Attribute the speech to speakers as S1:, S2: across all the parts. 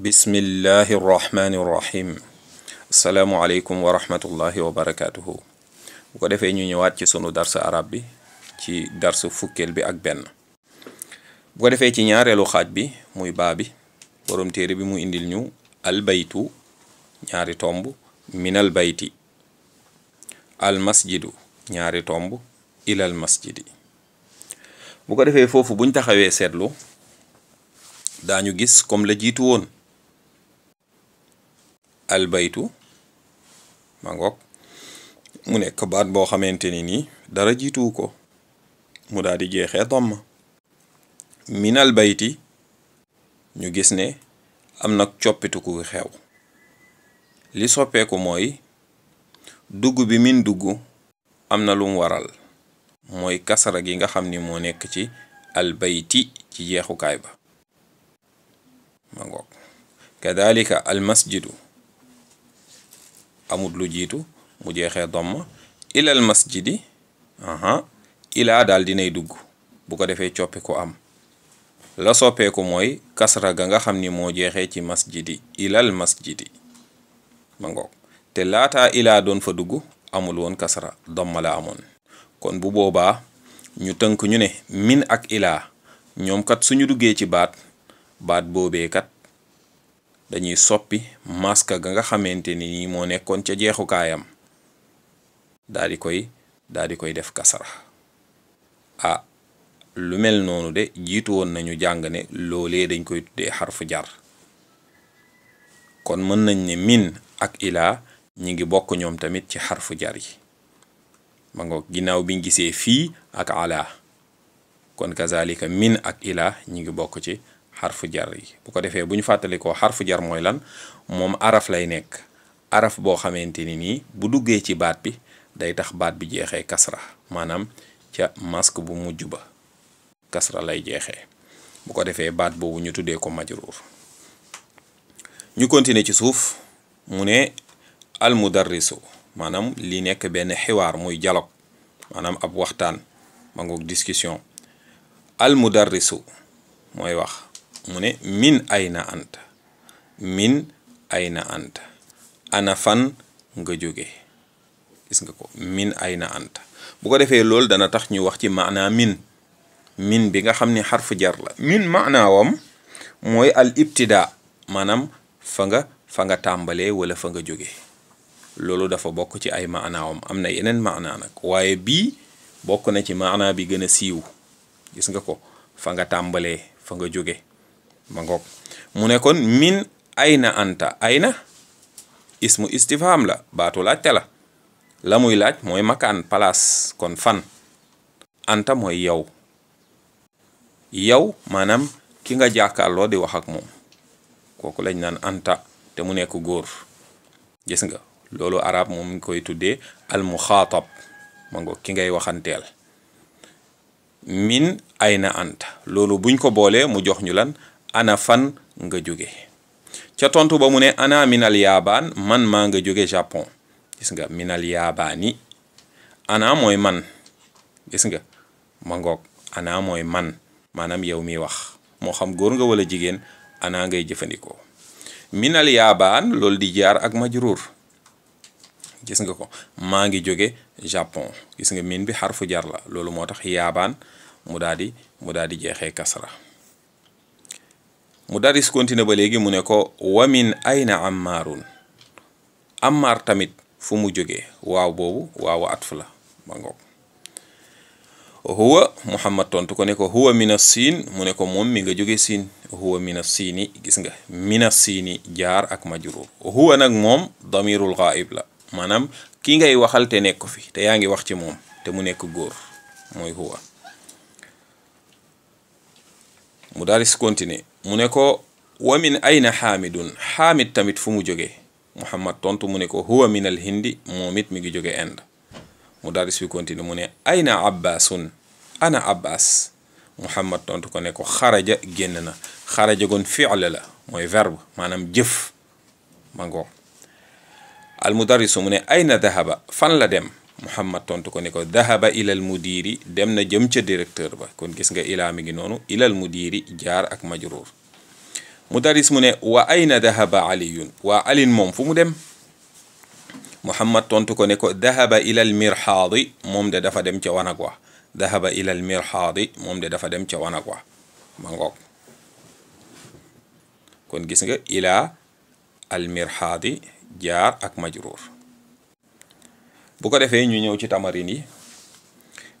S1: bismillahi rrahmani rrahim asalaamualeykum wa rahmatullahi wa barakatuhu bu ko defee ñu ñëwaat ci sunu darsa arab bi ci darsa fukkeel bi ak benn bu defee ci ñaareelu xaaj bi muy baa bi borom téere bi mu indil ñu albaytu ñaari tomb minal bayti al masjidu ñaari tomb ilal masjidi bu ko defee foofu buñ taxawee seetlu daañu gis comme la jiitu woon al baytu ngoog mu nekk baat boo xamante ni nii dara jiituwu ko mu daal di jeexee domm minal bayti ñu gis ne am nag coppituku xew li soppeeku mooy dugg bi min dugg am na lum waral mooy kasara gi nga xam ni moo nekk ci bayti ci jeexukaay ba ma ngoog kadalika almasjidu amut lu jiitu mu jeexee domma ilal masjidi aha ilaa daal dinay dugg bu ko defee coppi ko am la soppeeku mooy kasra ga nga xam ni moo jeexee ci masjidi ilal masjidi ma ngoog te laata ilaa doon fa dugg amul woon kasra domma la amoon kon bu boobaa ñu tënk ñu ne min ak ilaa ñoom kat suñu duggee ci baat baat boobee dañuy soppi masque ga nga xamante ni nii moo nekkoon ca jeexukaayam daa di koy daa di koy def kasara ah lu mel noonu de jiitu woon nañu jàng ne loolee dañ koy tuddee xarfu jar kon mën nañ ne min ak ilaa ñi ngi bokk ñoom tamit ci xarfu jar yi ma ngoog ginnaaw biñ gisee fii ak alaa kon kazalika min ak ilaa ñi ngi bokk ci harfu jar yi bu ko defee bu ñu jar mooy lan moom araf lay nekk araf boo xamanteni ni bu duggee ci baat bi day tax baat bi jeexee kasra maanaam ca masque bu mujj ba kasra lay jeexee bu ko defee baat boobu ñu tuddee ko majrur ñu continuer ci suuf mu ne mudarrisu maanaam li nekk benn xiwaar muy dialogue maanaam ab waxtaan ma ngoog discussion mudarrisu mooy wax mu ne min ayna anta min ayna anta ana fan nga jóge gis nga ko min ayna anta bu ko defee loolu dana tax ñu wax ci maanaa min min bi nga xam ne xarfu jar la min maanaawam mooy al ibtida maanaam fa nga fa nga tàmbalee wala fa nga jóge loolu dafa bokk ci ay maanaawam am na yeneen maanaa nag waaye bii bokk na ci maanaa bi gën a siiw gis nga ko fa nga tàmbalee fa nga jóge ma ngoog mu ne kon min ayna anta ayna ismu istifham la baatu laajte la la muy laaj mooy makaan palace kon fan anta mooy yow yow maanaam ki nga jàkkaarloo di wax ak moom kooku lañ naan anta te mu nekk góor gis nga loolu arab moom ngi koy tuddee almu muxaatab ma ngo ki ngay waxanteel min ayna anta loolu buñ ko boolee mu jox ñu lan ana fan nga joge ca tontu ba mu ne ana minal yaban man ma nga joge japon gis nga minal yabani ana moy man gis nga ma ana moy man manam yow mi wax mo xam gor nga wala jigen ana ngay jëfandikoo minal yaban lol di jaar ak majrur gis nga ko ma ngi joge japon gis nga min bi harfu jar la lolou motax yaban mu dadi mu kasra mu daris continuer ba léegi mu ne ko wamin ayna ammaarun ammaar tamit fu mu jógee waaw boobu waaw atf la ma ngoog huwa muhammad tontu ko ne ko huwa mina siin mu ne ko moom mi nga jóge siin huwa mina siini gis nga mina siini jaar ak majruur huwa nag moom damirul ghaib la maanaam ki ngay waxal te nekk fi te yaa ngi wax ci moom te mu nekk góor mooy huwa mu daal di mu ne ko wa min ayna xaamidun xaamid tamit fu mu jógee muhammad tontu mu ne ko huwa min al hindi mi ngi jóge Inde mu daal di mu ne ayna abbaasun ana abbas muhammad tontu ko ne ko xaraja génn na xaraja goon la mooy verbe maanaam jëf ma ngoo al mudarrisu mu ne ayna dahaba fan la dem Muhammad tontu ko ni ko dahaba ilal mudiri dem na jëm ca directeur ba kon gis nga ilaa mi ngi noonu ilal mudiri jaar ak majruur mudaris mu ne wa ayna dahaba aliyun waa alin moom fu mu dem Muhammad tontu ko ne ko dahaba ilal mirxaadi moom de dafa dem ca wanag wa dahaba ilal mirxaadi moom de dafa dem ca wanag wa ma kon gis nga ilaa al mirxaadi jaar ak majruur bu ko defee ñu ñëw ci tamarin yi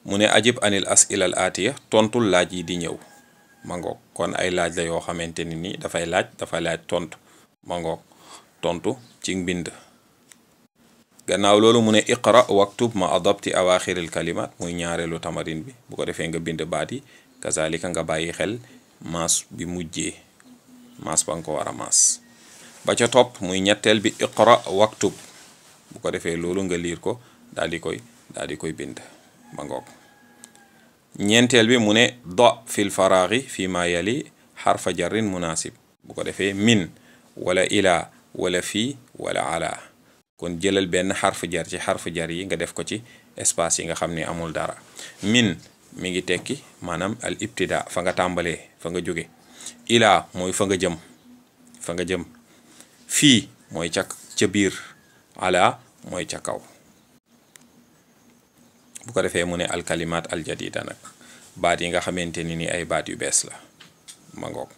S1: mu ne ajib anil as ilal atiya tontul laaj yi di ñëw mangoog kon ay laaj la yoo xamante ni nii dafay laaj dafay laaj tontu mangoog tontu ci mbind gannaaw loolu mu ne iqra waktub ma adabti al kalimat muy ñaareelu tamarin bi bu ko defee nga bind baat yi kazalika nga bàyyi xel mas bi mujjee mas ba nga ko war ba ca topp muy ñetteel bi iqra waktub bu ko defee loolu nga liir ko daal di koy di koy bind ba ngoog ñeenteel bi mu ne do fil faraaxi fii ma yali xarfa jarrin munasib bu ko defee miin wala ilaa wala fii wala ala kon jëlal benn xarfu jar ci yi nga def ko ci espace yi nga xam ne amul dara min mi ngi tekki maanaam al ibtida fa nga tàmbalee fa nga jóge ilaa mooy fa nga jëm fa nga jëm fii mooy ca ca biir ala mooy ca kaw bu ko defee mu ne alkalimaat aljadida nag baat yi nga xamante ni ni ay baat yu bees la ma ngoog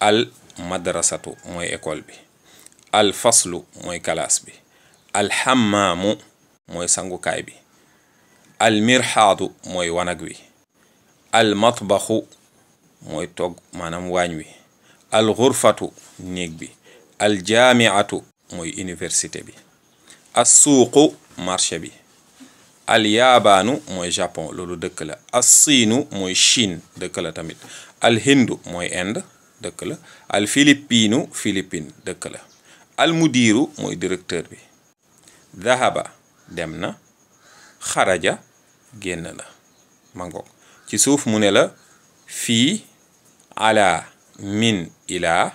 S1: al madrasatu mooy école bi al faslu mooy kalaas bi al alxamaamu mooy sangukaay bi al mirxaadu mooy wanag wi al matbaxu mooy togg maanaam waañ wi al xurfatu néeg bi al atu mooy université bi assuuqu marché bi alyaabaanu mooy japon loolu dëkk la assiinu mooy chine dëkk la tamit alhindu mooy inde dëkk la alfilipiinu philippine dëkk la almudiiru mooy directeur bi dahaba dem na xaraja génn na mangoog ci suuf mu ne la fii ala min ilaa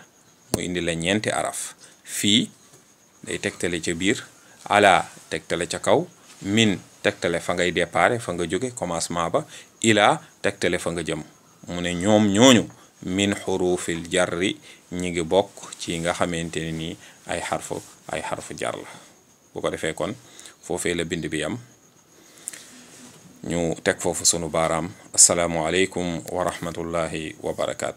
S1: mu indi la ñeenti araf fii day tegtale ca biir ala tegtale ca kaw min tegtale fa ngay départ fa nga jóge commencement ba ilaa tegtale fa nga jëm mu ne ñoom ñooñu min xurufil jarri ñi ngi bokk ci nga xamante ne nii ay xarfu ay xarfu jar la bu ko defee kon foofee la bind bi am ñu teg foofu sunu baaraam asalaamualeykum wa rahmatullahi wa